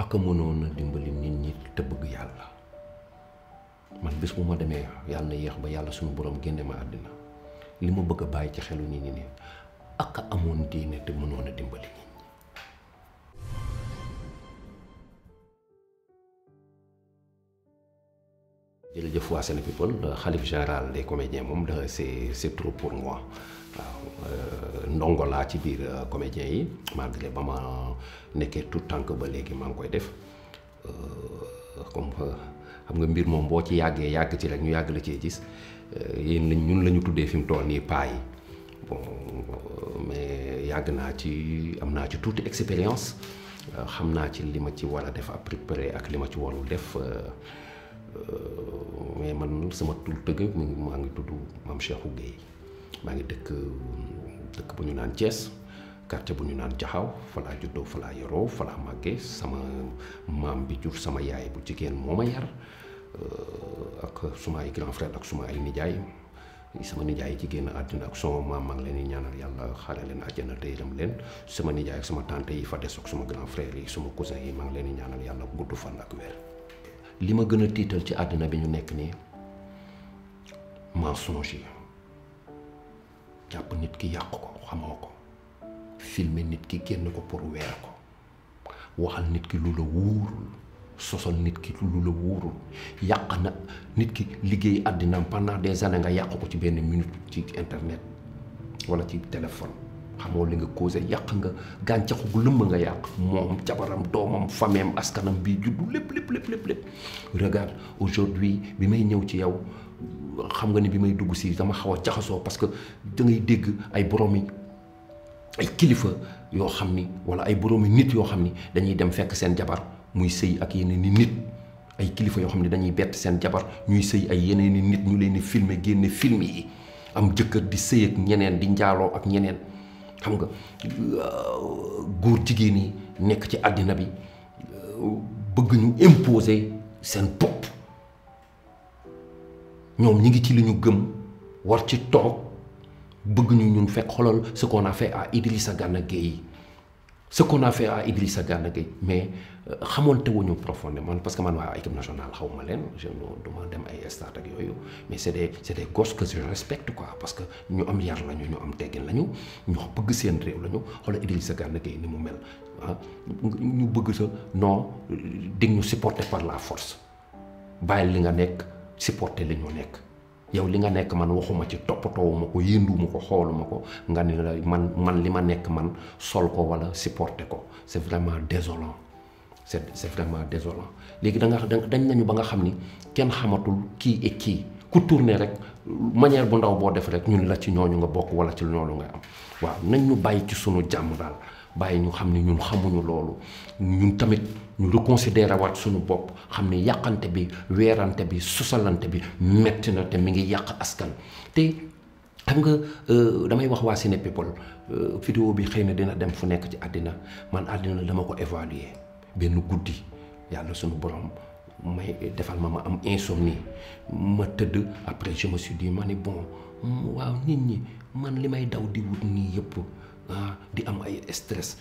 ak mënoon a dimbali nit ñi te bëgg yàlla man bés bu ma demee yàlla na yéex ba yàlla suñu borom génne ma àddina li ma bëgg a bàyyi ci xelu nit ñi ne ak amoon diine te mënoon a dimbali nit ñi jërëjëf waa Sénégal xalif général des comédiens moom da c'est trop pour moi waaw euh, ndongo laa ci biir euh, comédien yi malgré ba ma nekkee tout tànk ba léegi maa ngi koy def euh, comme xam nga mbir moom boo ci yàggee yàgg ci rek ñu yàgg la cee gis yéen lañ ñun la ñu tuddee fi mu toll nii paa yi mais yàgg naa ci am naa ci tuuti expérience xam naa ci li ma ci war a def ak li ma ci warul def mais man sama tur tëgg maa ngi tudd maam Cheikhou Guèye maa ngi dëkk dëkk bu ñu naan Thiès quartier bu ñu naan Jaxaw falaa juddoo falaa yoroo falaa màggee sama maam bi jur sama yaay bu jigéen moo ma yar euh, ak suma ay grand frère ak suma ay nijaay sama nijaay ak sama maam maa ngi leen di ñaanal yàlla xaare leen àjjana te yërëm leen sama nijaay ak sama yi fa des ak suma grand frère yi suma cousin yi maa ngi leen di ñaanal yàlla gudd fan ak weer. li ma gën a tiital ci àddina bi ñu nekk nii mensonge yi jàpp nit ki yàq ko xamoo ko filmer nit ki génn ko pour weer ko waxal nit ki lu la wóorul sosol nit ki lu la wóorul yàq na nit ki liggéey àddina pendant de années nga yàq ko ci benn minute ci internet walla ci téléphone xamoo li nga causé yàq nga gàncaxu gu lëmb nga yàq moom jabaram doomam fameem askanam bii juddu lépp lépp lépp lépp lépp aujourd'hui bi may ñëw ci yow xam nga ni bi may dugg si dama xaw a jaxasoo parce que da dégg ay boroomi ay kilifa yoo xam ni walla ay boroomi nit yoo xam ni dañuy dem fekk seen jabar muy sëy ak yeneen i nit ay kilifa yoo xam ne dañuy bett seen jabar ñuy sëy ay yeneen i nit ñu leen di filmer génne film yi am jëkkër di sëy ak ñeneen di njaaloo ak ñeneen xam nga euh, góor jigéen yi nekk ci àddina bi euh, bëgg ñu imposer seen bopp ñoom ñi ngi ci li ñu gëm war ci toog bëgg ñu ñun fekk xoolal ce qu'on a fait à Idrissa Gana Gueye ce fe a fait à Idrissa Gana Gueye mais euh, xamoonte wuñu profondément parce que man waa équipe nationale xaw ma leen je dem ay stade ak yooyu mais c'est des c'est des gosses que je respecte quoi parce que ñu am yar lañu ñu am teggin lañu ñu bëgg seen réew lañu xoolal Idrissa Gana Gueye ni mu mel ah, ñu bëgg sa non di ñu supporter par la force bàyyi li nga nekk. supporter li ñu nekk yow li nga nekk man waxuma ci toppatoowuma ko yënduwuma ko xooluma ko nga ne la man man li ma nekk man sol ko walla supporter ko c'est vraiment désolant c'est c'est vraiment désolant léegi da nga dañ nañu ba nga xam ni kenn xamatul kii et ku tourner rek manière bu ndaw boo def rek ñun la ci ñooñu nga bokk walla ci ñooñu nga am waaw nañ ñu bàyyi ci sunu jàmm daal bàyyi ñu xam ne ñun xamuñu loolu ñun tamit ñu reconsidérer waat suñu bopp xam ne yàqante bi weerante bi sosalante bi metti na te mi ngi yàq askan te xam nga euh, damay wax waa Ciné People euh, vidéo bi xëy na dina dem fu nekk ci àddina man àddina dama ko évaluer benn guddi yàlla suñu borom may defal ma ma am insomnie ma tëdd après je me ma ni bon waaw nit ñi man li may daw di wut nii yëpp Ah, di am ay stress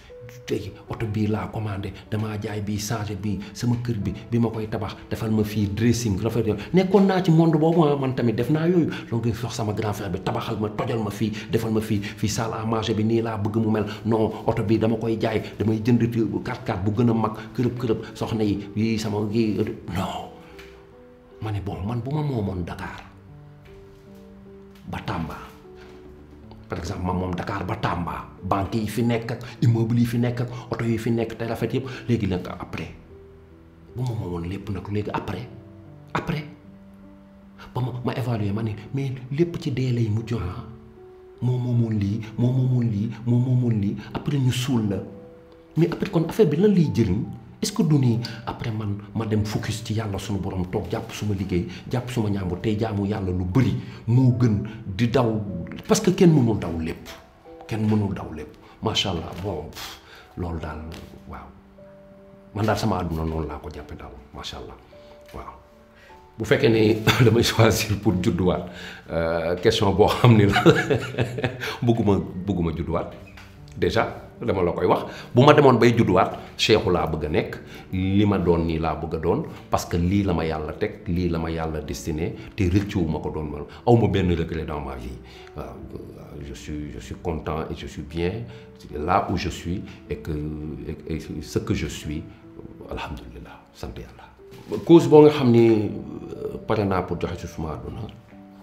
te oto bii laa commander damaa jaay bii changé bii sama kër bi bi ma koy tabax defal ma fii dressing rafet nekkoon naa ci monde boobu ah man tamit def naa yooyu loo ngi sox sama grand frère bi tabaxal ma tojal ma fii defal ma fii fii salle à manger bi nii laa bëgg mu mel non oto bii dama koy jaay damay jënd 4x4 bu gën a mag kërëb kërëb soxna yi yi sama yi non ma ne bon man bu ma moomoon Dakar ba Tamba. par exemple ma moom dakaar ba Tamba banque yi fi nekk ak immeuble yi fi nekk ak oto yi fi nekk te rafet yëpp léegi nag après bu ma moomoon lépp nag léegi après après ba ma ma évaluer ma ne mais lépp ci dee lay mujj ah moo moomoon lii moo moomoon lii moo moomoon lii après ñu suul la mais après kon affaire bi la lay jëriñ. est-ce que du nii après man ma dem focus ci yàlla sunu borom toog jàpp suma liggéey jàpp suma ñaamu tey jaamu yàlla lu bari moo gën di daw parce que kenn mënul daw lépp kenn mënul daw lépp macha allah bon loolu daal waaw man daal sama àdduna noonu laa ko jàppe daal macha allah waaw. bu fekkee ne damay choisir pour judduwaat euh, question boo xam ni la bëgguma bëgguma judduwaat déjà. dama la koy wax bu ma demoon bay judduwaat cheikhu laa bëgg a nekk li ma doon nii laa bëgg a doon parce que lii la ma yàlla teg lii la ma yàlla destiné te rëccu ma ko doon awma ma benn regret dans ma vie waaw je suis content et bien là où je suis et que et sant yàlla. cause boo nga xam ni euh, pare naa pour joxe ci suma àdduna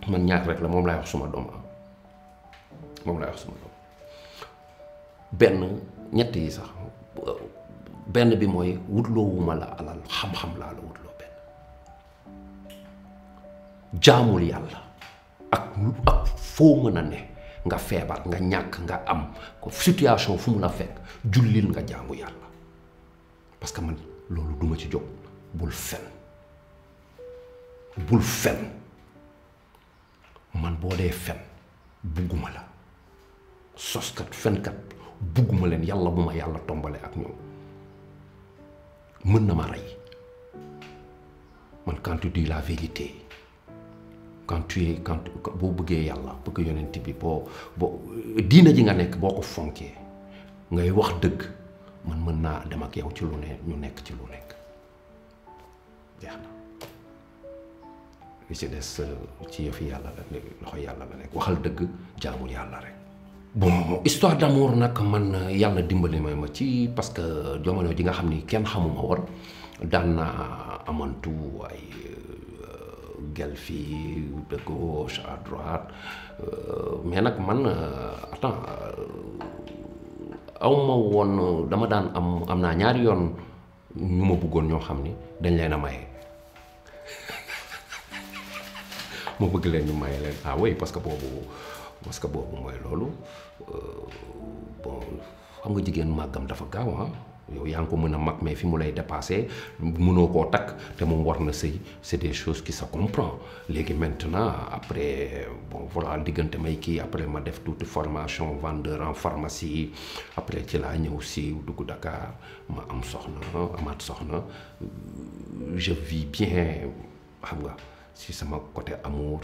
man ñaar rek la moom laay wax suma doom am ah. moom laay wax suma doom. benn ñett yi sax benn bi mooy wutloowuma la alal xam-xam laa la wutloo benn jaamul yàlla ak ak foo mën a ne nga feebar nga ñàkk nga am ko situation fu mu la fekk jullil nga jaamu yàlla parce que man loolu duma ci jóg bul fen bul fen man boo dee fen bugguma la soskat fenkat bugguma leen yàlla bu ma yàlla tombalee ak ñoom mën na ma rey man quand tu dis la vérité quand tu es quand boo bëggee yàlla bëgg yonent bi boo boo diina ji nga nekk boo ko fonkee ngay wax dëgg man mën naa dem ak yow ci lu ne ñu nekk ci lu nekk jeex na li ci des euh, ci yëfi yàlla la yàlla la nekk waxal dëgg jaamul yàlla rek bon histoire d'amour nag man yàlla dimbali may ma ci parce que jamono ji nga xam ni kenn xamuma war daan naa amantu ay euh, gel fii de gauche à euh, mais nag man euh, attends aw woon dama daan am am naa ñaari yoon ñu ma bëggoon ñoo xam ni dañ leen a maye ma bëgg leen ñu maye leen ah oui parce que boobu. parce que boobu mooy loolu euh, bon xam nga jigéen màggam dafa gaaw ah yow yaa ngi ko mën a mag mais fi mu lay dépassé mënoo koo takk te moom war na sëy c'est des choses qui sa comprend léegi maintenant après bon voilà diggante may kii après ma def tuuti formation vendeur en pharmacie après ci laa ñëw si dugg Dakar ma am soxna amaat soxna je vis bien xam nga si sama côté amour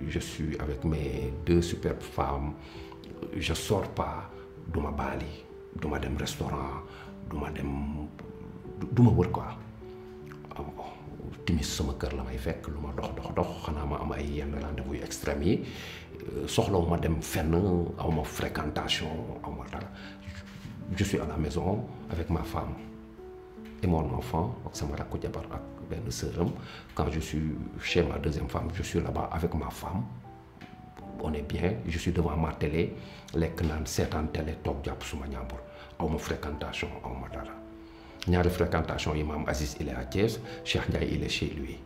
je suis avec mes deux superbes femmes je sors pas du ma baali duma dem restaurant du ma dem du ma wër quoi ah timis sama kër la may fekk lu ma dox dox dox xanaa ma am ay yenn rendez-vous yu extrêmes yi euh, soxlawu ma dem fenn aw ma fréquentation aw ma dara je suis à la maison avec ma femme et mon enfant ak sama rakku jabar ak benn sœuram quand je suis chez ma deuxième femme je suis là-bas avec ma femme on est bien je suis devant ma télé lekk naan seetaan télé toog jàpp suma ñaambur aw ma fréquentation aw ma dara ñaari fréquentation yi ma am Aziz il est à Thiès Cheikh chez lui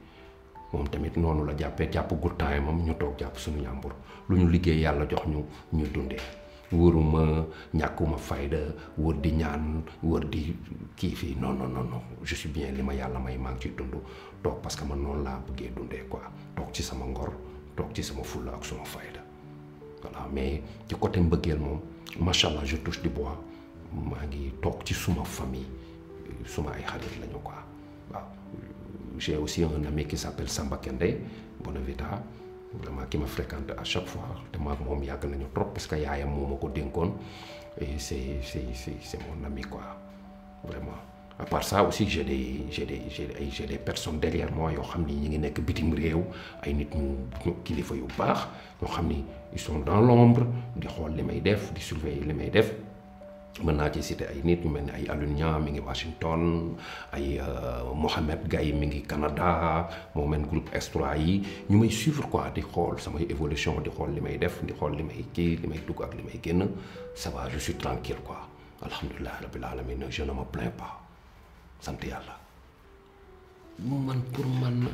moom tamit noonu la jàppee jàpp guddaay moom ñu toog jàpp suñu ñaambur lu ñu liggéey yàlla jox ñu ñu dundee. wëruma ñàkkuma fayda wër di ñaan wër di kii fii non non non non je bien li ma yàlla may maa ngi ciy dund toog parce que man noonu laa bëggee dundee ko toog ci sama ngor toog ci sama fulla ak suma fayda voilà mais ci côté mbëggeel moom macha allah je touche bois maa ngi toog ci suma famille suma ay xarit lañu quoi waaw j'ai aussi un ami qui s'appelle Samba Kende Bonavita vraiment ki ma fréquente à chaque fois te maag moom yàgg nañu trop parce que yaayam moo ma ko dénkoon et c'est c'est c'est c'est mon vraiment à part ça aussi j'ai des j'ai des j'ai des personnes derrière yoo xam ni ñi ngi nekk bitim réew ay nit mu kilifa yu baax ñoo xam ni il sont dans l'ombre di xool li may def di surveiller li may def mën naa ci cité ay nit ñu mel ni ay Alioune Niang mi ngi Washington ay euh, Mohamed Gaye mi ngi Canada moo mel groupe Extra yi ñu may suivre quoi di xool samay évolution di xool li may def di xool li may kii li may dugg ak li may génn ça va je tranquille quoi alhamdulilah rabbil alamin je ne me plains pas sant yàlla man pour man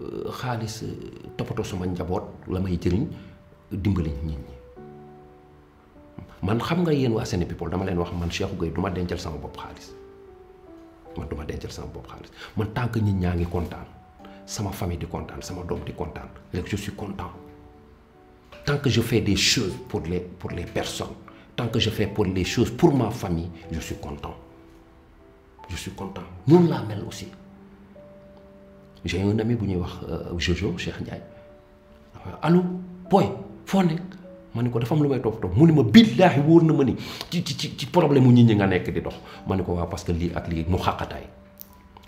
euh, xaalis euh, toppatoo sama njaboot la may jëriñ dimbali nit ñi man xam nga yéen waa Sénégal dama leen wax man Cheikhou Gueye du ma dencal sama bopp xaalis man du ma dencal sama bopp xaalis man tant que nit ñaa ngi kontaan sama famille di kontaan sama doom di kontaan léegi je suis content tant que je fais des choses pour les pour les personnes tant que fais pour les choses pour ma famille je suis content laa mel aussi j'ai un ami bu ñuy wax euh, Jojo Cheikh Ndiaye allo boy foo nekk ma ne ko dafa am lu may topp topp mu ni ma billaahi wóor na ma ni ci ci ci problème mu ñi nga nekk di dox ma ne ko waaw parce que lii ak lii mu xàqataay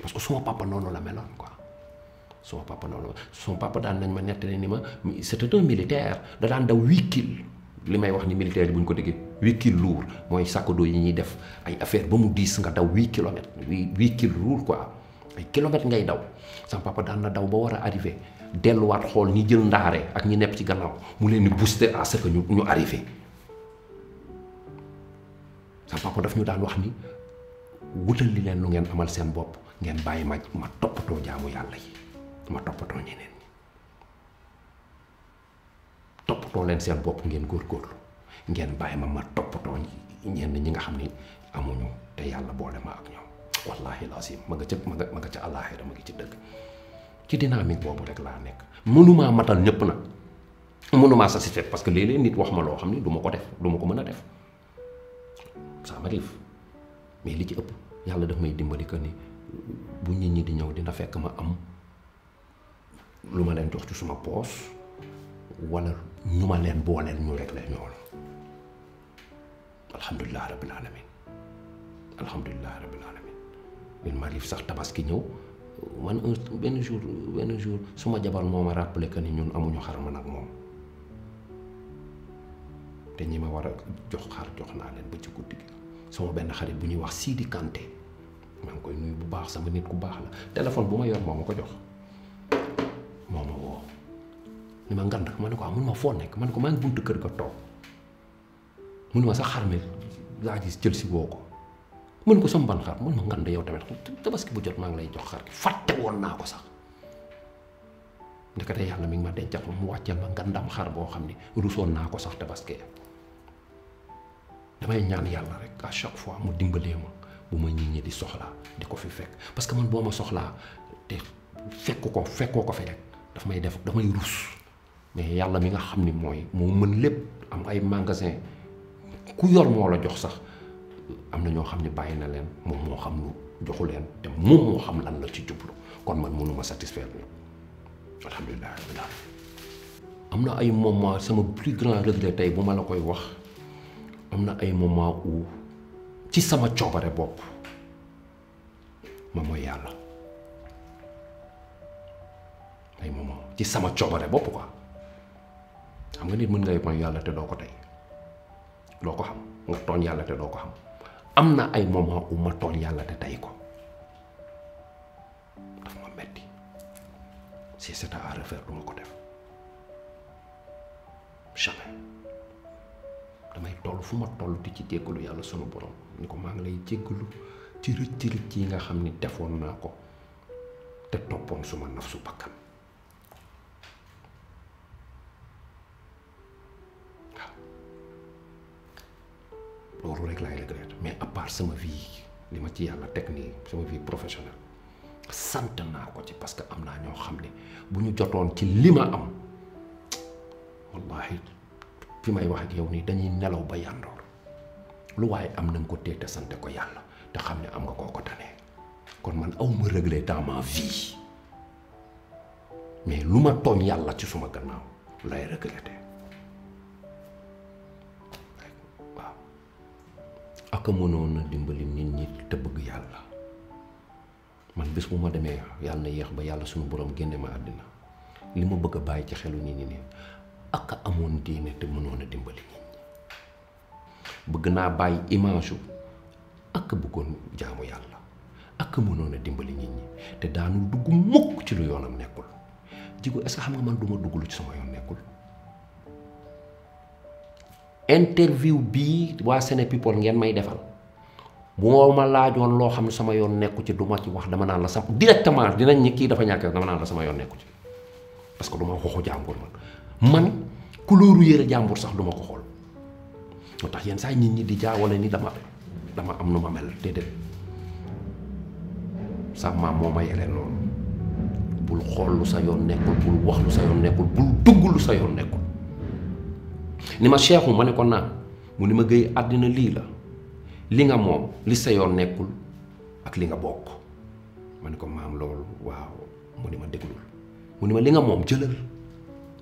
parce que suma papa noonu la meloon quoi suma papa noonu la suma papa daan nañ ma nettali ni ma c'était un militaire da daan daw huit kilos li may wax ni militaire yi bu ñu ko déggee huit kilos mooy sac dos yi ñuy def ay affaire ba mu diis nga daw huit kilomètres huit kilos lourd quoi ay kilomètres ngay daw sama papa daan na daw ba war a arrivé delluwaat xool ñi jël ndaare ak ñi nepp ci gannaaw mu leen di booster à ce que ñu ñu arrivé sa papa daf ñu daan wax ni wutal li leen lu ngeen amal seen bopp ngeen bàyyi ma ma toppatoo jaamu yàlla yi ma toppatoo ñeneen ñi toppatoo leen seen bopp ngeen góorgóorlu ngeen bàyyi ma ma toppatoo ñenn ñi nga xam ni amuñu te yàlla boole ma ak ñoom wallahi lazim ma nga ca ma nga ma nga ca àllaaxira ma ngi ci dëgg ci dynamique boobu rek laa nekk mënumaa matal ñëpp nag mënumaa satisfaire parce que léeg-léeg nit wax ma loo xam ne du ma ko def duma ko mën a def ça m'arrive mais li ci ëpp yàlla daf may dimbali que ni bu nit ñi di ñëw dina fekk ma am lu ma leen jox ci suma poos walla ñu ma leen booleel ñu rek la ñoo la alhamdulilah rabbil alamin alhamdulilah rabbil alamin il m'arrive sax tabaski ñëw. man un benn jour benn jour su ma jabar moo ma rappelé que ni ñun amuñu xar man ak moom te ñi ma war a jox xar jox naa leen ba ci guddi gi suma benn xarit bu ñuy wax Sidi Kanté maa ngi koy nuyu bu baax sama nit ku baax la téléphone bu ma yor moo ma ko jox moo ma woo ni ma ngand ma ne ko ah, mun ma foo nekk ma ne ko maa ngi buntu kër ga toog mun ma xar mi laa gis jël si woo ko mën ko sam ban xar mën ma ngan da yow tamit tabaski bu jot maa ngi lay jox xar gi fàtte woon naa ko sax ndekete yàlla mi ngi ma dencal mu wàcceel ma ngandam xar boo xam ne rusoon naa ko sax tabaski damay ñaan yàlla rek à fois mu dimbalee ma bu ma nit ñi di soxlaa di ko fi fekk parce que man boo fekk ko fekkoo ko fi daf may def damay rus mais mi nga xam ni mooy moo mën lépp am ay magasin ku yor moo la jox sax am na ñoo xam ne bàyyi na leen moom moo xam lu joxu leen te moom moo xam lan la ci jublu kon man mënuma satisfaire ñëpp alhamdulilah rabbil am na ay moment sama plus grand regret tey bu ma la koy wax am na ay moment où ci sama coobare bopp ma mooy yàlla ay moment ci sama coobare bopp ko xam nga nit mën ngay mooy yàlla te doo ko tey doo ko xam nga tooñ yàlla te doo ko xam am na ay moment où ma tooñ yàlla te tey ko daf ma metti si c'était du ma ko def jamais damay toll fu ma toll di ci jéggalu yàlla sunu borom ni ko maa ngi lay jéggalu ci rëcc rëcc yi nga xam ni defoon naa ko te toppoon suma naf su bakkan loolu rek laay regretté mais à part sama vie li ma ci yàlla teg nii sama vie professionnelle sant naa ko ci parce que am naa ñoo xam ne bu ñu jotoon ci li ma am wallahi fi may wax ak yow nii dañuy nelaw ba yàndoor lu waaye am na nga ko téye te sant ko yàlla te xam ne am nga koo ko tane kon man aw ma réglé dans ma vie mais lu ma tooñ yàlla ci suma gannaaw lay regretté. ak mënoon a dimbali nit ñi te bëgg yàlla man bés bu ma demee yàlla na yéex ba yàlla suñu borom génne ma àddina li ma bëgg a bàyyi ci xelu nit ñi ne ak amoon diine te mënoon a dimbali nit ñi bëgg naa bàyyi image yu ak bëggoon jaamu yàlla ak mënoon a dimbali nit ñi te daanu dugg mukk ci lu yoonam nekkul jigu est xam nga man du ma dugg lu ci sama yoon nekkul. interview bii waa Séné People ngeen may defal boo ma laajoon loo xam ne sama yoon nekku ci du ci wax dama naan la sama directement dinañ ñi kii dafa ñàkk dama naan la sama yoon nekku ci parce que du ma waxu man man yére jàmbur sax du ko xool moo tax yenn saa nit ñi di jaawale ni dama dama am nu ma mel te sa maam moo ma yore loolu bul xool lu sa yoon nekkul bul wax lu sa yoon nekkul bul dugg lu sa yoon nekkul. ni ma Cheikhu ma ne ko naa mu ni ma Guèye àddina lii la li nga moom li sa yoon nekkul ak li nga bokk ma ne ko maam loolu waaw mu ni ma déglul ma li nga moom jëlal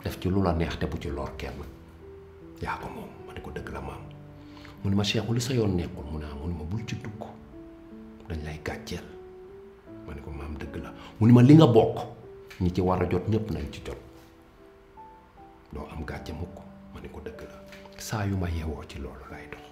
def ci lu neex te ci lor kenn yaa ko ko dëgg la maam mu ni ma Cheikhu li sa yoon nekkul mu naa ah, mu ni ma bul ci dugg dañ lay gàcceel ma ne ko maam dëgg la mu ni ma li nga bokk ñi ci war a jot ñépp nañ ci jot doo am gàcce mukk ni ko dëgg la saa yu ma yeewoo ci loolu lay dox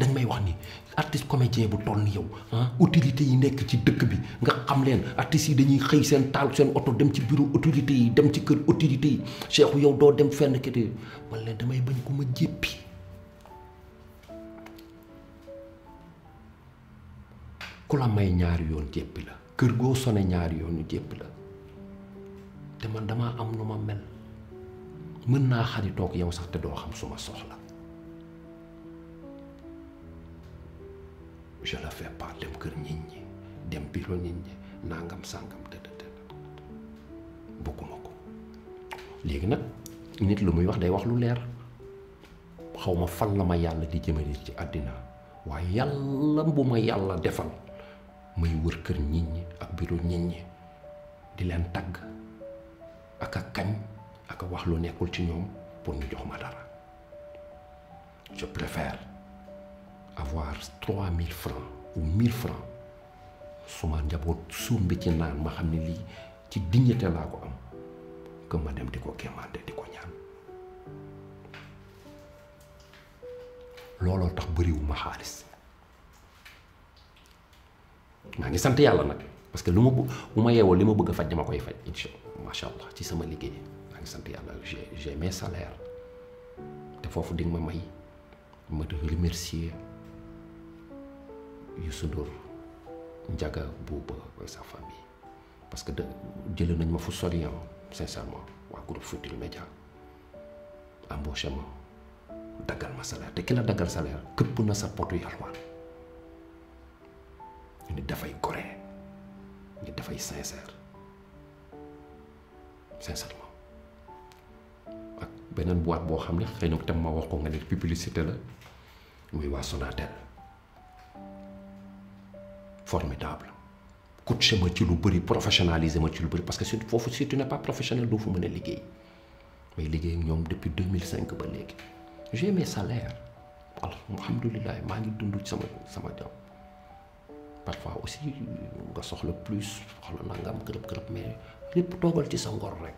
dañ may wax ni artiste comédien bu toll ni yow ah autorité yi nekk ci dëkk bi nga xam leen artistes yi dañuy xëy seen taal seen oto dem ci bureau autorité yi dem ci kër autorité yi Cheikh yow doo dem fenn kete man damay bañ ko ma jéppi ku la may ñaari yoon jéppi la kër goo sone ñaari yoonu jéppi la te man damaa am nu ma mel mën naa xaritoog yow sax te doo xam suma soxla je le dem kër nit ñi dem bureau nit ñi nangam sàngam tëdd tëdd bëgguma ko léegi nag nit lu muy wax day wax lu leer xaw ma fan la ma yàlla di jëmale ci àddina waaye yàlla bu ma yàlla defal may wër kër nit ñi ak bureau nit ñi di leen tagg ak a kañ ak wax lu nekkul ci ñoom pour ñu jox ma dara je préfère avoir trois mille francs ou mille francs su ma njaboot suum bi ci naan ma xam ne lii ci dignité laa ko am que ma dem di ko kéemaande di ko ñaan looloo tax bëriwuma xaalis maa ngi sant yàlla nag parce que lu ma bu ma yeewoo li ma bëgg a faj dama koy faj incha allah allah ci sama liggéey. maa yàlla j'ai mes te foofu di nga ma may ma di remercier Youssou Ndour Ndiaga Bouba ak sa famille parce que de jëlee nañ ma fu sori sincèrement waa groupe Futurs Médias embauché ma daggal ma salaire te ki la daggal salaire këpp na sa potu yalwaan nit dafay gore nit dafay sincère sincèrement ak beneen boîte boo xam ne xëy na tam ma wax ko nga ne publicité la muy waa Sonatel formidable ma ci lu bëri professionnalisé ma ci lu bëri parce que surtout foofu si tu n'es pas professionnel doo fa mën a liggéey may liggéey ak ñoom depuis 2005 ba léegi j'ai mes salaires alhamdulilah maa ngi dund ci sama sama jàmm parfois aussi nga soxla plus soxla nangam kërëb kërëb mais lépp toogal ci sa ngor rek.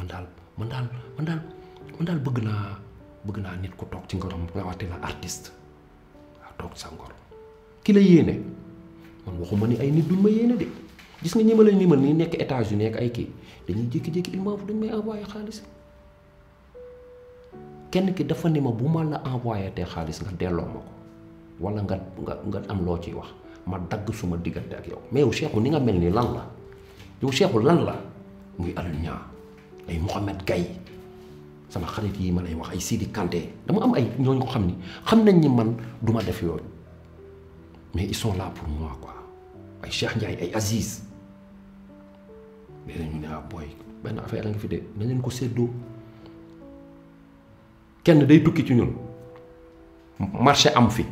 man daal man daal man daal bëgg naa bëgg naa nit ku toog ci ngorom rawatina artiste waaw toog sa ngor ki la yéene man waxuma ni ay nit duñ ma yéene de gis nga ñi ma nii nekk États-Unis ak ay kii dañuy jékki-jékki il dañ may envoyé xaalis kenn ki dafa ni ma bu ma la envoyé te xaalis nga delloo ma ko wala nga nga nga am loo ciy wax ma dagg suma diggante ak yow mais yow Cheikhou ni nga mel ni lan la yow Cheikhou lan la muy Aliou Niang ay Mouhamed Gaye sama xarit yii ma lay wax ay Sidi Kanté dama am ay ñooñu ko xam ni xam nañ ñi man duma ma def yooyu mais ils sont là pour moi quoi ay Cheikh Ndiaye ay Aziz mais dañu ne ah booy benn affaire la nga fi de nañ leen ko séddoo kenn day tukki ci ñun marché am fi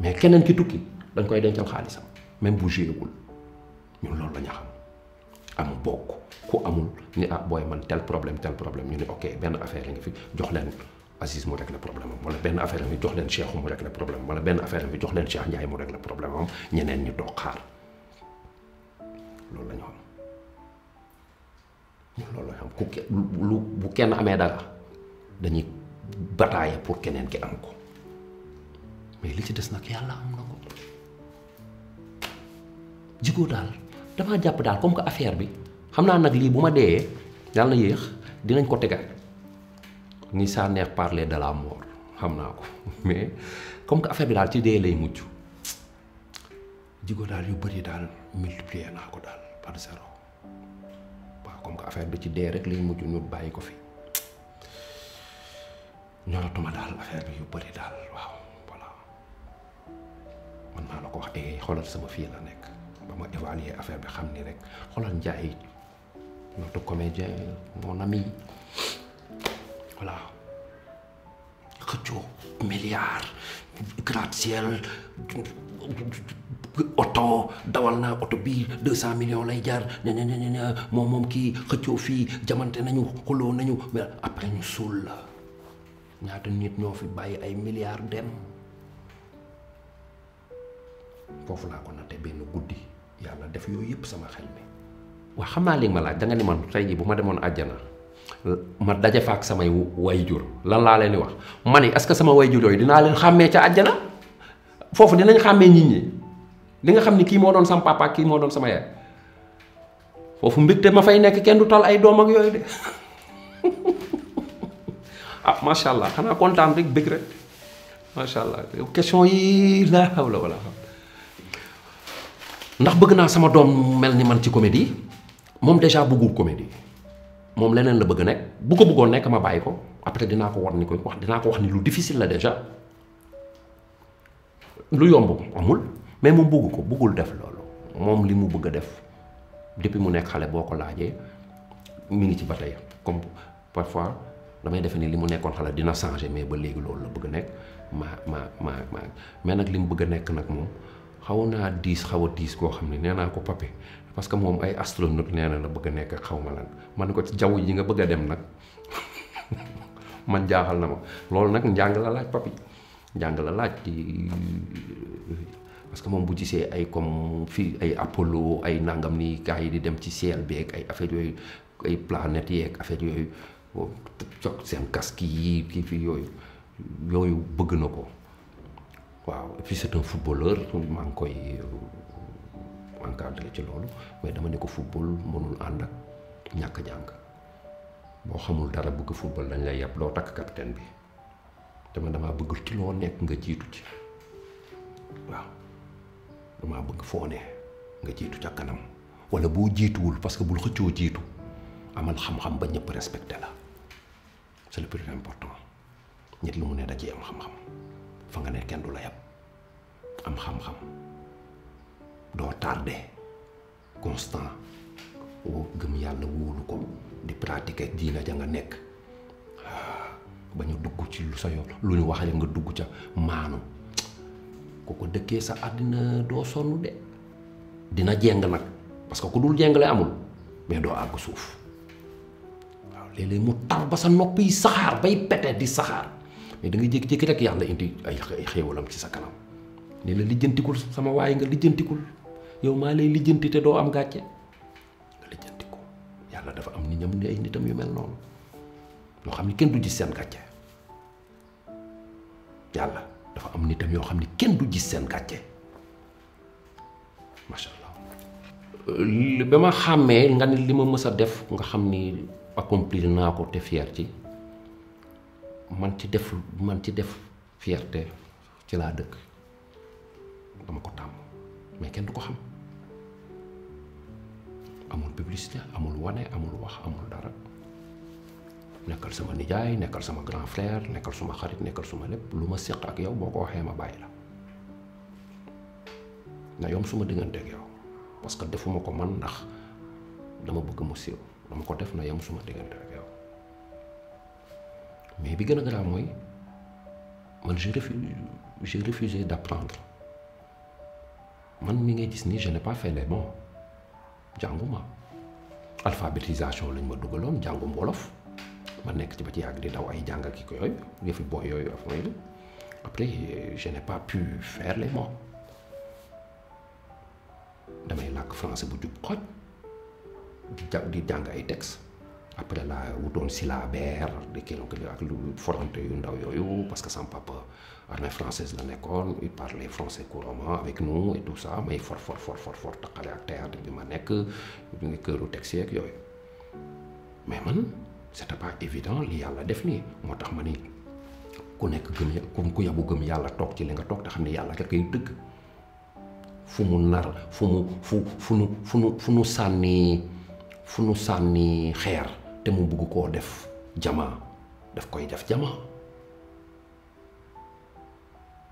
mais keneen ki tukki dañ koy dencal xaalisam même bu géewul ñun loolu la ñu am bokk ku amul ni ah booy man tel problème tel problème ñu ne ok benn affaire la nga fi jox leen Aziz mu régler problème am wala benn affaire la fi jox leen Cheikh mu régler problème am wala benn affaire la fi jox leen Cheikh Ndiaye mu problème am ñeneen ñu toog xaar loolu la ñu xam lu bu kenn amee dara dañuy bataaye pour keneen ki am ko mais li ci des nag yàlla am na ko jikko daal. damaa jàpp daal comme que affaire bi xam naa nag lii bu ma deeyee yàlla na yéex dinañ ko tegaat ni ça neex parler de la xam naa ko mais comme que affaire bi daal ci dee lay mujj jigo daal yu bëri daal multiplier naa ko daal par zéro waaw comme que affaire bi ci dee rek lay mujj ñu bàyyi ko fi ñoratuma daal affaire bi yu bëri daal waaw man naa la ko wax eh xoolal sama fii la nekk. ba ma évaluer affaire bi xam ni rek xoolal Ndiaye notre comédien mon ami voilà xëccoo milliard gratte-ciel oto dawal na oto bii deux cent millions lay jaar ne ne ne ne moom moom kii xëccoo fii jamante nañu xuloo nañu mais après ñu suul la ñaata nit ñoo fi bàyyi ay milliards dem foofu laa ko natte benn guddi yàlla def yooyu yëpp sama xel mi waa xam naa li ma laaj da ni man tey jii bu ma demoon àjjana ma daje fa ak samay wayjur lan laa leen wax ma ni est-ce que sama wayjur yooyu dinaa leen xàmmee ca àjjana foofu dinañ xàmmee nit ñi li nga xam ni kii moo doon sama papa kii moo doon sama yaay foofu mbégte ma fay nekk kenn du tal ay doom ak yooyu de ah macha allah xanaa kontaan rek bëgg rek macha allah question yi laa hawla wala ndax bëgg naa sama doom mel ni man ci comédie moom déjà bëggul comédie moom leneen la bëgg nekk bu ko bëggoon nekk ma bàyyi ko après dinaa ko war ni ko wax dinaa ko wax ni lu difficile la déjà lu yomb amul mais mu bëgg ko bëggul def loolu moom li mu bëgg a def depuis mu nekk xale boo ko laajee mi ngi ci ba tey comme parfois damay defe ni li mu nekkoon xale dina changer mais ba léegi loolu la bëgg a nekk ma ma ma ma mais nag li mu bëgg a nekk nag moom. xaw naa diis xaw a diis koo xam ne nee naa ko pape parce que moom ay astronaute nee na la bëgg a nekk xaw ma lan man ko ci jaww ji nga bëgg a dem nag man jaaxal na ma loolu nag njàng la laaj papi njàng la laaj ci que moom bu jisee ay comme fii ay Apollo ay nangam nii gars di dem ci ciel beeg ay affaire yooyu ay planètes yeeg affaire yooyu jox oh, seen casque yi kii fii yooyu yooyu bëgg na ko. waaw et puis c'est un footballeur maa ngi koy encadré ci loolu mais dama ne ko football mënul ànd ak ñàkk jàng boo xamul dara bëgg football dañ lay yàpp doo takk capitaine bi dama damaa bëgg ci nekk nga jiitu ci waaw damaa bëgg foo nga jiitu ca kanam wala boo jiituwul parce que bul xëccoo jiitu amal xam-xam ba ñëpp respecté la c'est le plus important nit lu mu ne da ci am xam-xam fa nga ne kenn du la yab am xam-xam doo tardé constant gëm yàlla wóolu ko di pratiquer diina ja nga nekk ah, ba ñu dugg ci lu sa yoon lu ñu waxale nga dugg ca maanu ku ko dëkkee sa àddina doo sonn de dina jeng nag parce que ku dul jengale amul mais doo àgg suuf waaw léeg-léeg mu tar ba sa nopp saxaar bay pete di saxaar mais da nga jékki rek yàlla indi ay ay ci sa kanam ne la lijjantikul sama waay nga lijjantikul yow maa lay lijjanti te doo am gàcce nga lijjanti ko yàlla dafa am ni nitam yu mel noonu xam ni kenn du gis seen gàcce yàlla dafa am nitam yoo xam ni kenn du gis seen gàcce macha allah ba ma xàmmee nga ni li ma mës a def nga xam ni accomplir naa ko te fier ci man ci def man ci def fierté ci laa dëkk dama ko tàmm mais kenn du ko xam amul publicité amul wane amul wax amul dara nekkal sama nijaay nekkal sama grand frère nekkal suma xarit nekkal suma lépp lu ma séq ak yow boo ko waxee ma bàyyi la na yom suma diggante ak yow parce que defuma ko man ndax dama bëgg mu siiw dama ko def na yom suma diggante mais bi gën a garaaw mooy man je refuse j'ai refusé d'apprendre man mi ngay gis ni je n'ai pas fait les bons jànguma alphabétisation lañ ma dugaloon jàngum wolof ma nekk ci ba ci yàgg di daw ay jàng ak ko yooyu yëfi booy yooyu affaire yooyu après je n'ai pas pu faire les bons damay làkk français bu jub xoj di jàng ay textes après la wutoon Silabère di kii ak lu foronte yu ndaw yooyu parce que sama papa armée française la nekkoon il parlait français couramment avec nous et tout bi ma nekk ñu ngi këru taxi ak yooyu mais man c'était pas évident li yàlla def nii moo tax ma ni ku nekk gëm comme ku yabu gëm yàlla toog ci li nga toog te xam ne yàlla rek kay dëgg fu mu nar fu mu fu fu nu fu nu fu nu sànni fu nu sànni xeer te mu bugg koo def jamaa daf koy def jamaa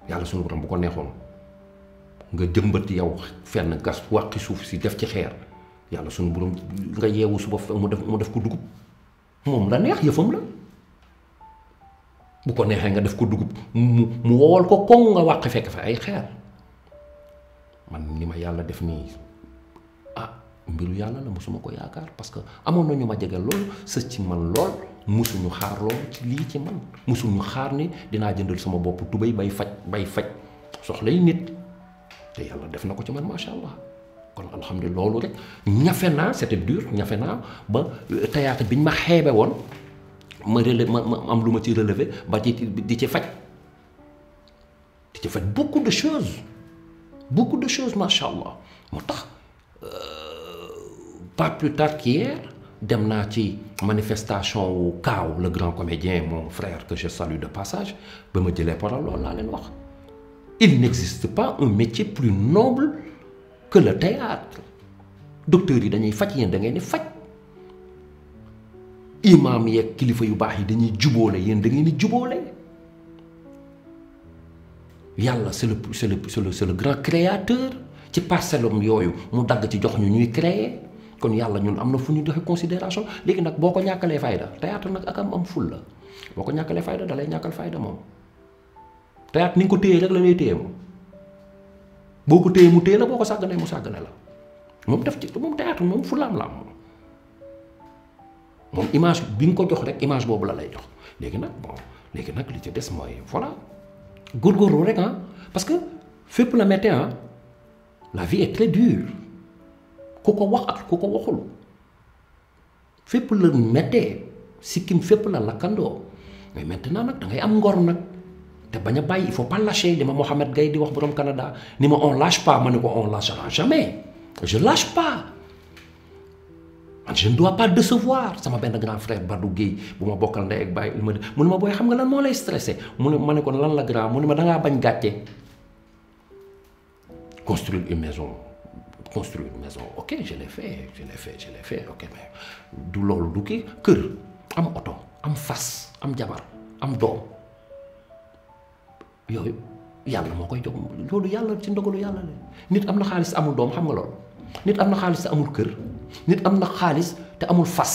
yàlla sunu borom bu ko neexoon nga jëmbët yow fenn gas wàqi suuf si def ci xeer yàlla sunu borom nga yeewu suba mu def mu def ko dugub moom la neex yëfam la bu ko neexee nga def ko dugub mu mu wowal ko koŋ nga wàqi fekk fa ay xeer man ni ma yàlla def nii mbiru yàlla la mosuma ko yaakaar parce que amoon na ñu ma jege lool sës ci man lool mosuñu xaar lool ci lii ci man mosuñu xaar ni dinaa jëndal sama bopp tubéy bay faj bay faj soxla yi nit te yàlla def na ko ci man macha allah kon alhamdulilah loolu rek ñafe naa c'était dur ñafe naa ba euh, théâtre biñ ma xeebe woon ma relevé am lu ma ci relevé ba ci di ci faj di ci faj beaucoup de choses beaucoup de choses macha allah moo tax. Euh, pas plus tard qu'hier dem naa ci manifestation wu Kaaw le grand comédien mon frère que je salue de passage ba ma jëlee parole loolu laa leen wax il n'existe pas un métier plus noble que le théâtre docteur yi dañuy faj yéen da ngeen di faj imaam yeeg kilifa yu baax yi dañuy juboole yéen da ngeen di juboole yàlla c'est le c'est le c'est le grand créateur ci parcelle yooyu mu dagg ci jox ñu ñuy créer kon yàlla ñun am na fu ñu joxe considération léegi nag boo ko ñàkkalee fayda théâtre nag ak am am ful la boo ko ñàkkalee fayda dalay ñàkkal fayda moom théâtre ni nga ko téye rek la lay téye moom boo ko téye mu téye la boo ko sàgganee mu sàggane la moom def ci moom théâtre moom fu am laam moom moom image bi nga ko jox rek image boobu la lay jox léegi nag bon léegi nag li ci des mooy voilà góorgóorlu rek ah parce que fépp na métti ah la vie est très ku ko wax ak ku ko waxul fépp la mettee sikkim fépp la lakkandoo mais maintenant nag da am ngor nag te bañ a bàyyi il faut pas lâcher li ma Mohamed gay di wax boroom Canada ni ma on lâche pas ma ne ko on lâchera jamais je lâche pas man je ne dois décevoir sama benn grand frère Badou Guèye bu ma bokkal ndey ak bàyyi il ma mu ne ma booy xam nga lan moo lay stressé mu ne ma ne ko lan la grand mu ne ma dangaa bañ gàcce construire une maison construire une maison ok je fait je fait je fait ok du loolu du kii kër am oto am fas am jabar am doom yooyu yàlla moo koy jox loolu yàlla ci ndogalu yàlla la nit am na xaalis amul doom xam nga loolu nit am na xaalis te amul kër nit am na xaalis te amul fas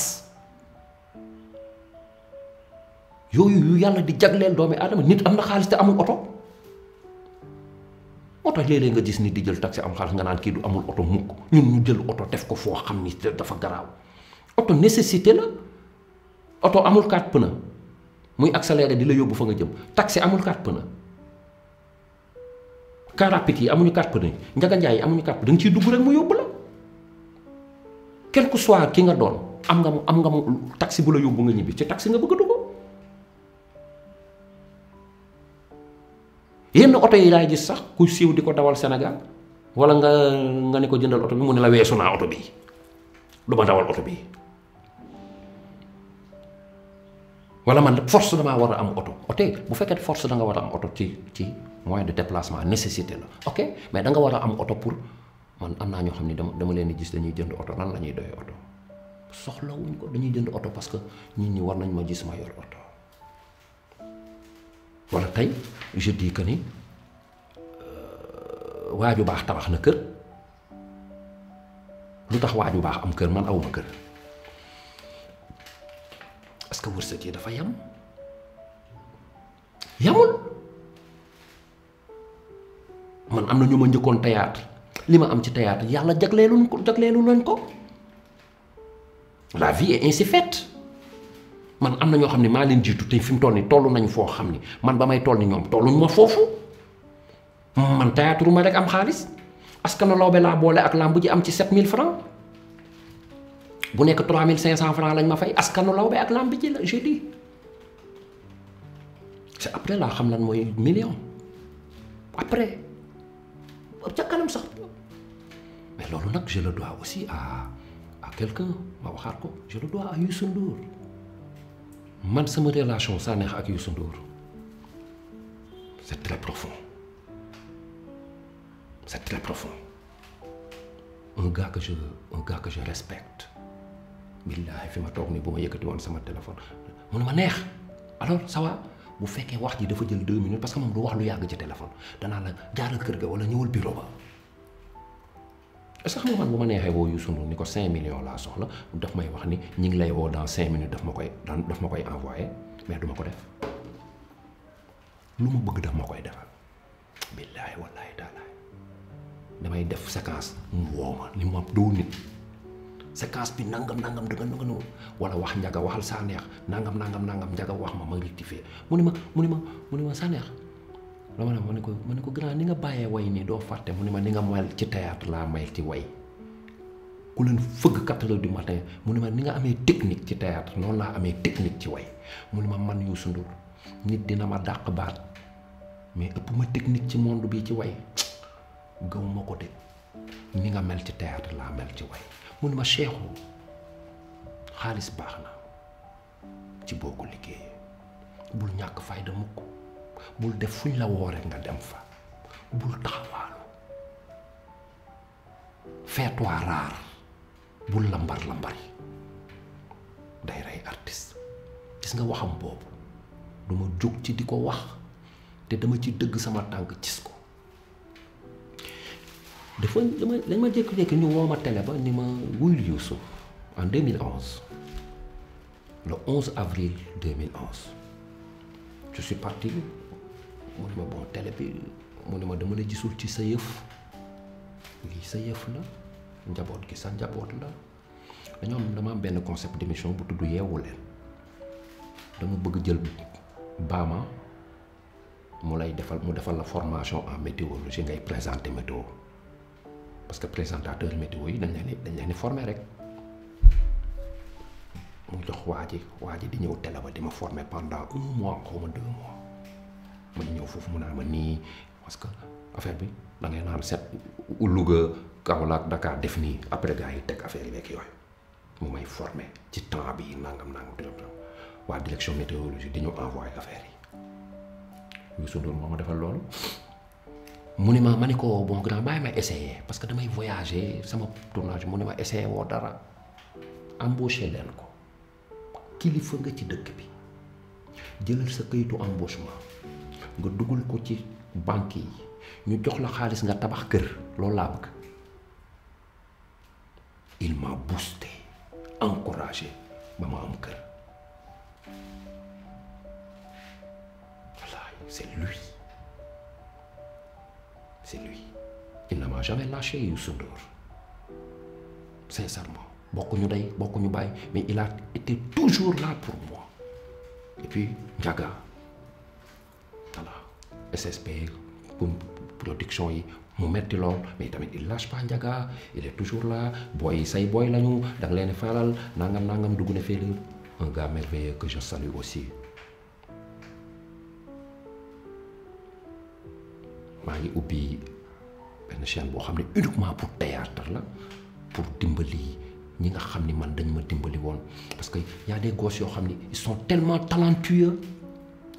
yooyu yu yàlla di jagleel doomi aadama nit am na xaalis te amul oto oto léeg nga gis ni di jël taxi am xaalis nga naan kii du amul oto mukk ñun ñu jël oto def ko foo xam ni dafa garaaw oto nécessité la oto amul quatre pneus muy accéléré di la yóbbu fa nga jëm taxi amul quatre pneus car rapide yi amuñu quatre pneus njaganjaay yi amuñu quatre pneus da nga ciy dugg rek mu yóbbu la quel que soit ki nga doon am nga am nga taxi bu la yóbbu nga ñibbi ci taxi nga bëgg a dugg yenn oto yi laay gis sax ku siiw di ko dawal Sénégal wala nga nga ne ko jëndal oto bi mu ne la weesu naa oto bi du dawal oto bi wala man force damaa war a am oto oto bu fekkee force da nga war a am oto ci ci moyen de déplacement nécessité la ok mais da nga war a am oto pour man am naa ñoo xam ne dama dama leen di gis dañuy jënd oto lan la ñuy doyee oto soxlawuñ ko dañuy jënd oto parce que nit ñi war nañ ma gis ma yor oto. wala tey je dis que ni euh, waaju baax tabax na kër lu tax waaju baax am kër man awuma kër parce que wërsëg yi dafa yam yamul man am na ñu ma njëkkoon théâtre li ma am ci théâtre yàlla jagleelu ko jagleelu leen ko la vie est ainsi faite man am na ñoo xam ne maa leen jiitu te fi mu toll ni toll nañ foo xam ni man ba may toll ni ñoom tolluñ ma foofu man théâtre ma rek am xaalis askanu lawbe laa boole ak làmb ji am ci 7000 francs bu nekk 3500 francs lañ ma fay askanu lawbe ak làmb ji la je dis c'est après laa xam lan mooy million après ca kanam sax mais loolu nag je le aussi à à quelqu'un ma waxaat ko je le dois à Youssou man sama relation Sanekh ak Youssou Ndour c'est très profond c'est très profond un gars que je un gars que billaahi fi ma toog nii bu ma yëkkati woon sama téléphone mu ne ma neex alors ça bu fekkee wax ji dafa jël deux minutes parce que moom du wax lu yàgg ci téléphone danaa la jaaral kër ga wala ñëwul bureau ba est-ce que xam nga man bu ma neexee woo Youssou Ndour ni ko cinq millions laa soxla daf may wax ni ñi ngi lay woo dans cinq minutes daf ma koy daf ma koy envoyé mais duma ko def lu ma bëgg daf ma koy defal billaahi wallaahi taalaay damay def séquence mu woo ma ni ma doo nit séquence bi nangam nangam danga nanga noonu wala wax njaga waxal saa neex nangam nangam nangam njaga wax ma ma rectifié mu ni ma mu ni ma mu ni ma saa neex dama ne ma ne ko ma ne ko grand ni nga bàyyee way nii doo fàtte mu ne ma ni nga mel ci théâtre laa mel ci way ku leen fëgg quatre heures du matin mu ne ma ni nga amee technique ci théâtre noonu laa amee technique ci way mu ne ma man Youssou Ndour nit dina ma dàq baat mais ëpp ma technique ci monde bii ci way gaw ko de ni nga mel ci théâtre laa mel ci way mu ne ma Cheikhou xaalis baax na ci boo ko liggéeyee bul ñàkk fayda mukk bul def fuñ la woore nga dem fa bul taxawaalu fais-toi rare bul lambar lambari day rey artiste gis nga waxam boobu duma jóg ci di ko wax te dama ci dëgg sama tàgg gis ko dafa dama dañ ma jékki-jékki ñu woo ma télé ba ni ma wuyul Youssou en 2011 le 11 avril 2011 parti mu ne ma bon télé bi mu ne ma dama la gisul ci sa yëf lii sa yëf la njaboot gi sa njaboot la dañoo am dama benn concept d'émission bu tudd yeewu leen dama bëgg jël baama mu lay defal mu defal la formation en météorologie ngay présenter météo parce que présentateur météo yi dañ leen di dañ leen di former rek mu jox waa ji waa ji di ñëw télé ba di ma former pendant un mois xaw ma deux may ñëw foofu mu naan ma nii parce que affaire bi da ngay naan set Louga Kaolack Dakar def nii après gaa yi teg affaire yi beeg yooyu mu may formé ci temps bi nangam nangam dina tam waa direction météorologie di ñu envoyé affaire yi Youssou Ndour moo ma defal loolu mu ne ma ma ne ko bon grand bàyyi ma essayer parce que damay voyager sama tournage mu ne ma essayer woo dara embauché leen ko kilifa nga ci dëkk bi jëlal sa kayitu embauchement nga dugal ko ci banque yi ñu jox la xaalis nga tabax kër loolu laa bëgg il m'a boosté encouragé ba ma am kër wallaahi c'est lui c'est lui il m'a jamais lâché Youssou Ndour sincèrement bokkuñu day bokkuñu bàyyi mais il a été toujours là pour moi et puis Ndiaga SSP pour production yi mu metti lool mais tamit il lâche pas Ndiaga il est toujours là booy say booy lañu da leen faalal nangam nangam dugg na fii un gars merveilleux que je maa ngi ubbi benn boo xam ne uniquement pour théâtre la pour dimbali ñi nga xam ni man dañ ma dimbali woon parce que y a yoo xam ni ils sont tellement talentueux.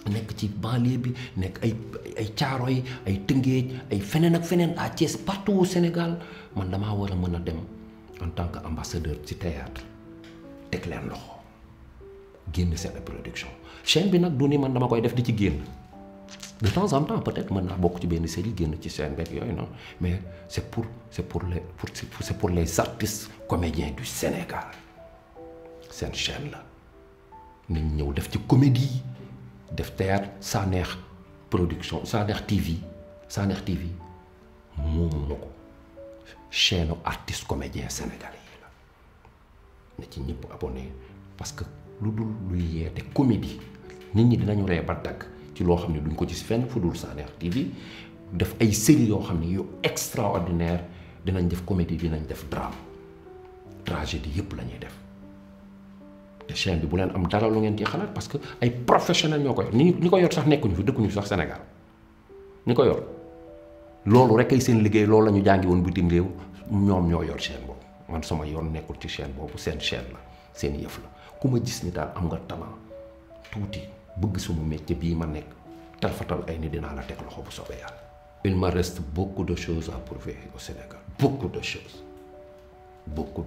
nekk ci banlieue bi nekk ay ay Caaroy ay Tëngéej ay feneen ak feneen à Thiès partout au Sénégal man damaa war a mën a dem en tant que ambassadeur ci théâtre teg leen loxo génn seen production chaîne bi nag du ni man dama koy def di ci génn de temps en temps peut-être mën naa bokk ci benn série génn ci seen beeg yooyu noonu mais c'est pour c'est pour les pour c'est pour les artistes comédiens du Sénégal seen chaîne la nañ ñëw def ci comédie def théâtre Sanekh production Sanekh TV Sanekh TV moomu ma ko chaîne artiste comédien sénégalais yi la na ci ñëpp abonné parce que lu dul luy yeete comédie nit ñi dinañu ree ba dagg ci loo xam ne duñ ko gis fenn fu dul Sanekh TV def ay série yoo xam ne yu extraordinaire dinañ def comédie dinañ def drame tragédie yëpp lañuy def te chaîne bi bu leen am dara lu ngeen ci xalaat parce que ay professionnels ñoo ko yor ni ñi ko yor sax nekkuñu fi dëkkuñu sax Sénégal ñi ko yor loolu rek ay seen liggéey loolu la ñu jàngi woon bitim réew ñoom ñoo yor chaîne boobu man sama yoon nekkul ci chaîne boobu seen chaîne la seen yëf la ku ma gis ni daal am nga talent tuuti bëgg suma métier bii ma nekk talfatal ay ni dinaa la teg loxo bu soobee yàlla. il me reste beaucoup de choses à prouver au Sénégal beaucoup de choses beaucoup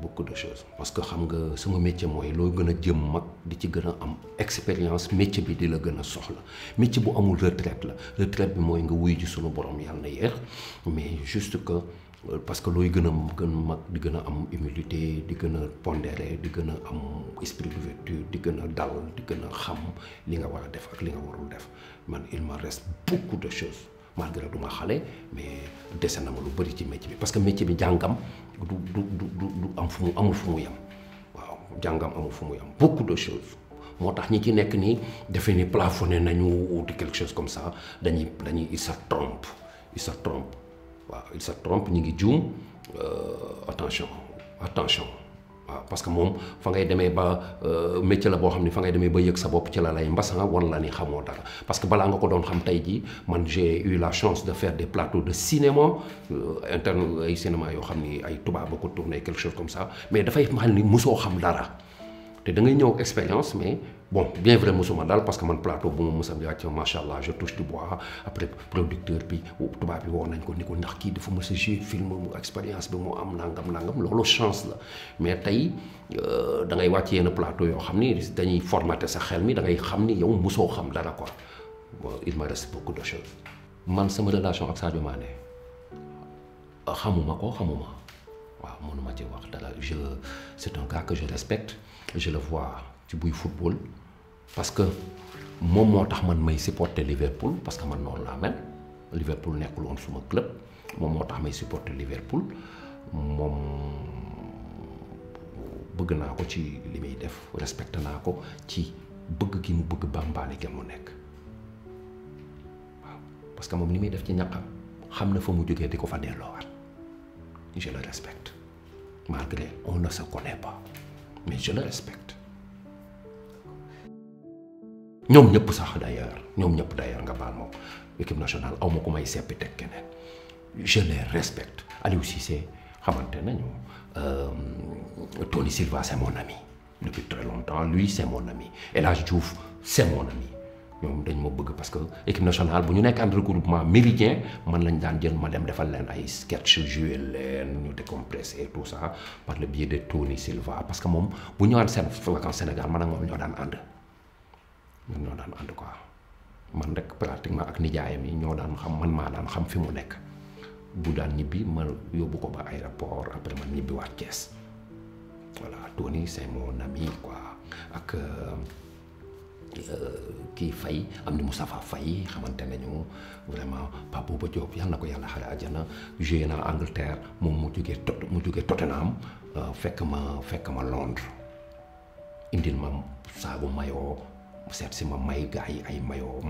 beaucoup de choses parce que xam nga sama métier mooy loo gën a jëm mag di ci gën a am expérience métier bi di la gën a soxla métier bu amul retraite la retraite bi mooy nga wuy ji sunu borom yàlla na yeer mais juste que euh, parce que looy gën a gën mag di gën a am humilité di gën a pondéré di gën a am esprit d'ouverture di gën a dal di gën a xam li nga war a def ak li nga warul def man il me reste beaucoup de choses malgré du xale mais dese na ma lu bëri ci métier bi parce que métier bi jàngam du du du du am fu mu amul fu mu yem waaw jàngam amul fu mu yem beaucoup de choses moo tax ñi ci nekk nii defe ni plafonné nañu di quelque chose comme ça dañuy dañuy il se trompe il se trompe waaw il se trompe ñi ngi juum euh, attention attention waaw ah, parce que moom fa ngay demee ba euh, métier la boo xam ne fa ngay demee ba yëg sa bopp ci la lay mbasan ah, wan la ni xamoo dara parce que balaa nga ko doon xam tey jii man j'ai eu la chance de faire des plateaux de cinéma euh, interne ay cinéma yoo xam ni ay tubaab ba ko tourné quelque chose comme ça mais dafay xam ni musoo xam dara te da ngay ñëw expérience mais bon bien vrai mosuma daal parce que man plateau bu ma mos a yàcc macha allah je touche du bois après producteur bi tubaab bi woo nañ ko ni ko ndax kii dafa mos a jouer film mu expérience bi moo am nangam nangam loolu chance la mais tey euh, da ngay wàcc yenn plateau yoo xam ni dañuy formaté sa xel mi dangay xam ni yow mosoo xam dara ko bon il me reste beaucoup de choses. man sama relation ak Sadio Mané xamuma ko xamuma waaw mënuma ci wax dara je c'est un gars que je le vois. ci buy football parce que moom moo tax man may supporter Liverpool parce que man noonu laa mel Liverpool nekkul woon suma club moom moo tax may supporter Liverpool moom bëgg naa ko ci li muy def respecté naa ko ci bëgg gi mu bëgg Bambaly gi mu nekk waaw parce que moom li muy def ci ñaqam xam ne fa mu jógee di ko fa delloowaat je le respecte malgré on ne se connaît pas mais je le respecte. ñoom ñëpp sax d'ailleurs ñoom ñëpp d'ailleurs nga baal moom équipe nationale aw ma ku may seppi teg keneen je les respecte Aliou Cissé xamante nañu euh, Tony Silva c'est mon ami depuis très longtemps lui c'est mon ami El Hadj Diouf c'est ami ñoom dañ ma bëgg parce que équipe nationale bu ñu nekk ànd regroupement méridien man lañ daan jël ma dem defal leen ay sketch joué leen ñu décompressé et tout ça par le biais de Tony Silva parce que moom bu ñëwaan seen vacances Sénégal man ñun ñoo daan ànd quoi man rek pratiquement ak nijaayam yi ñoo daan xam man maa daan xam fi mu nekk bu daan ñibbi ma yóbbu ko ba aéroport après man ñibbi waat Thiès voilà Tony c'est mon ami quoi ak euh, euh, kii Faye am ni Moustapha Faye xamante nañu vraiment Pape Bouba Diop yàlla na ko yàlla xare àjjana joué naa Angleterre moom mu jugee tot mu jugee Tottenham euh, fekk ma fekk ma Londres indil ma saagu mayoo seet si ma may gars yi ay mayoom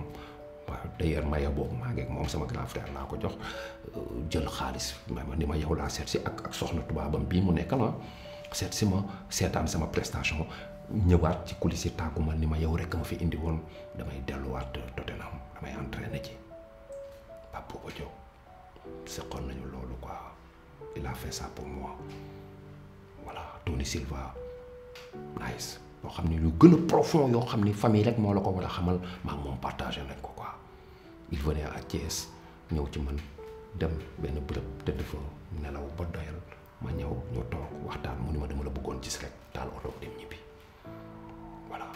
waaw d'ailleurs mayo boobu maa ngi moom sama grand frère laa ko jox jël xaalis ma ni ma yow laa seet si ak ak soxna tubaabam bii mu nekkal ah seet si ma seetaan sama prestation ñëwaat ci kulisi tàggu ma ni ma yow rek ma fi indi woon damay delluwaat Tottenham damay entraîné ci Pape Bouba Diop seqoon nañu loolu quoi il a pour moi voilà Tony Silva nice yoo xam ne lu gën a profond yoo xam ni famille rek moo la ko war a xamal maa moom partagé nañ ko quoi il venait à Thiès ñëw ci man dem benn bërëb tëdd fa nelaw ba doyal ma ñëw ñu toog waxtaan mu ni ma dama la bëggoon gis rek taal oto dem ñibbi voilà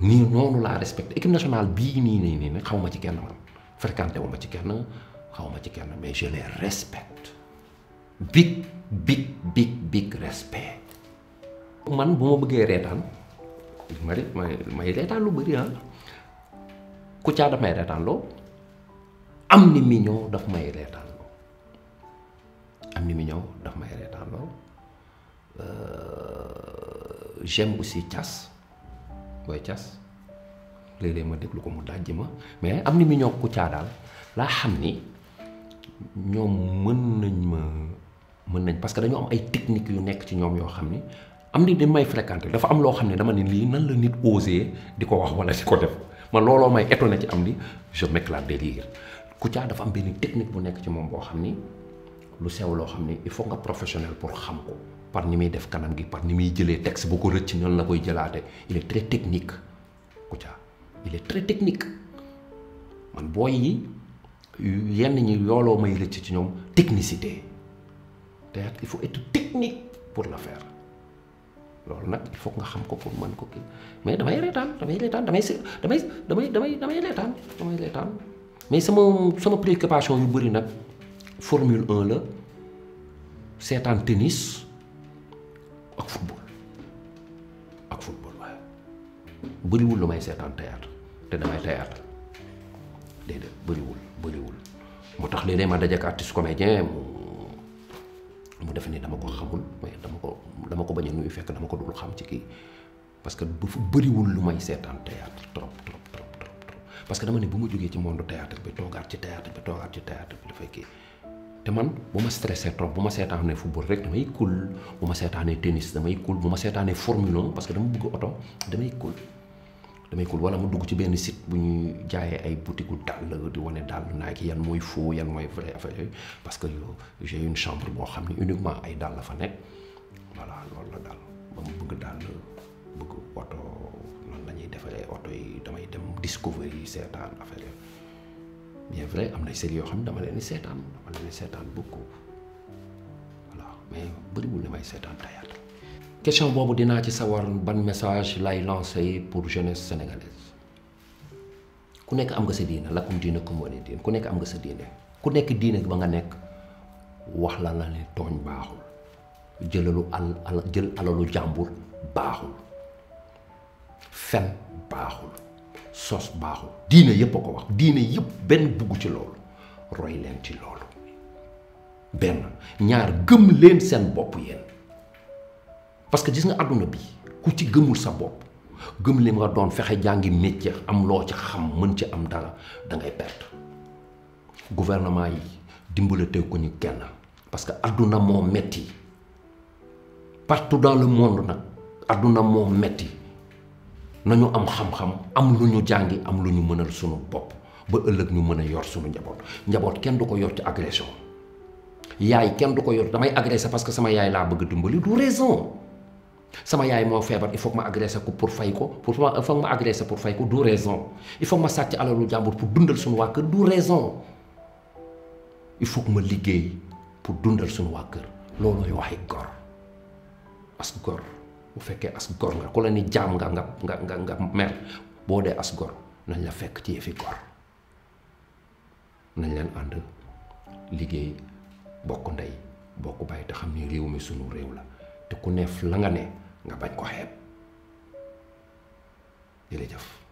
nii noonu laa respecté équipe bii nii nii nii nag xaw ma ci kenn man fréquenté wu ma ci kenn xaw ma ci kenn mais je les respecte big big big big respect man bu ma bëggee reetaan may may reetaan lu bëri ah Kouthia daf may reetaan loo am ni mignon daf may reetaan loo am ni mignon daf may reetaan loo euh, j'aime aussi Thiass booy cas léeg-léeg ma déglu ko mu dajji ma mais am ni mignon Kouthia daal laa xam ni ñoom mën nañ ma mën nañ parce que dañoo am ay techniques yu nekk ci ñoom yoo xam ni am ni dañ may fréquenté dafa am loo xam ne dama ne lii nan la nit osé di ko wax wala di ko def man looloo may étonné ci am ni je m'éclate de rire Kouthia dafa am benn technique bu nekk ci moom boo xam ni lu sew loo xam ni il faut nga professionnel pour xam ko par ni muy def kanam gi par ni muy jëlee texte bu ko rëcc ñoom la koy jëlaate il est technique Kouthia il est très technique man booy yi yenn ñi yooloo may rëcc ci ñoom technicité te il faut être pour le loolu nag il faut nga xam ko pour man ko kii mais damay reetaan damay reetaan damay si damay damay damay damay reetaan damay reetaan mais sama sama préoccupation yu bëri nag formule 1 la seetaan tennis ak football ak football waaye bëriwul lu may seetaan théâtre te damay théâtre déedéet bëriwul bëriwul moo tax léeg-léeg ma dajeek artiste comédien mu defe ni dama ko xamul mais dama ko dama ko bañ a nuyu fekk dama ko dul xam ci kii parce que bu fa bëriwul lu may seetaan théâtre trop trop trop trop parce que dama ne bu ma jógee ci monde théâtre bi toogaat ci théâtre bi toogaat ci théâtre bi dafay kii te man bu ma stressé trop bu ma seetaanee football rek damay cool bu ma seetaanee tennis damay cool bu ma seetaanee formule 1 parce que dama bëgg oto damay cool damay kul wala mu dugg ci benn sit bu ñuy jaayee ay boutique dàll di wane dàll naa ki yan mooy faux yan mooy vrai affaire yooyu parce que yow j'ai une chambre boo xam ne uniquement ay daal la fa nekk voilà loolu la daal ba mu bëgg daal bëgg oto noonu la ñuy defaree oto yi damay dem discovery yi seetaan affaire yooyu bien vrai am na série yoo xam ne dama leen di seetaan dama leen di seetaan beaucoup voilà mais bëriwul li may seetaan tayaat question boobu dinaa ci sawar ban message lay lancé pour jeunesse sénégalaise ku nekk am nga sa diine lakum diinukum moo liya diin ku nekk am nga sa diine ku nekk diine ba nga nekk wax la la ne tooñ baaxul jëlalu al jël alalu jàmbur baaxul fen baaxul sos baaxul diine yépp a ko wax diine yépp benn bugg ci loolu roy leen ci loolu benn ñaar gëm leen seen bopp yéen parce que gis nga àdduna bi ku ci gëmul sa bopp gëm li nga doon fexe jàngi métier am loo ci xam mën ci am dara da ngay perte gouvernement yi dimbale teew ko ñu kenn parce que àdduna moom metti partout dans le monde nag àdduna moo metti nañu am xam-xam am lu ñu jàngi am lu ñu mënal sunu bopp ba ëllëg ñu mën a yor sunu njaboot njaboot kenn du ko yor ci agression yaay kenn du ko yor damay agressé parce que sama yaay laa bëgg dimbali du raison sama yaay moo feebar il faut que ma agressé ko pour fay ko pour il faut que ma agressé pour fay ko du raison il faut ma sàcc alalu jàmbur pour dundal suñu waa kër du raison il faut ma liggéey pour dundal suñu waa kër loolooy waxi gor as gor bu fekkee as gor nga ku la ni jaam nga nga nga nga mer boo dee as gor nañ la fekk ci yëfi gor nañ leen ànd liggéey bokk ndey bokk bàyyi te xam ni réew mi sunu réew la te ku neef la nga ne nga bañ ko xeeb jërëjëf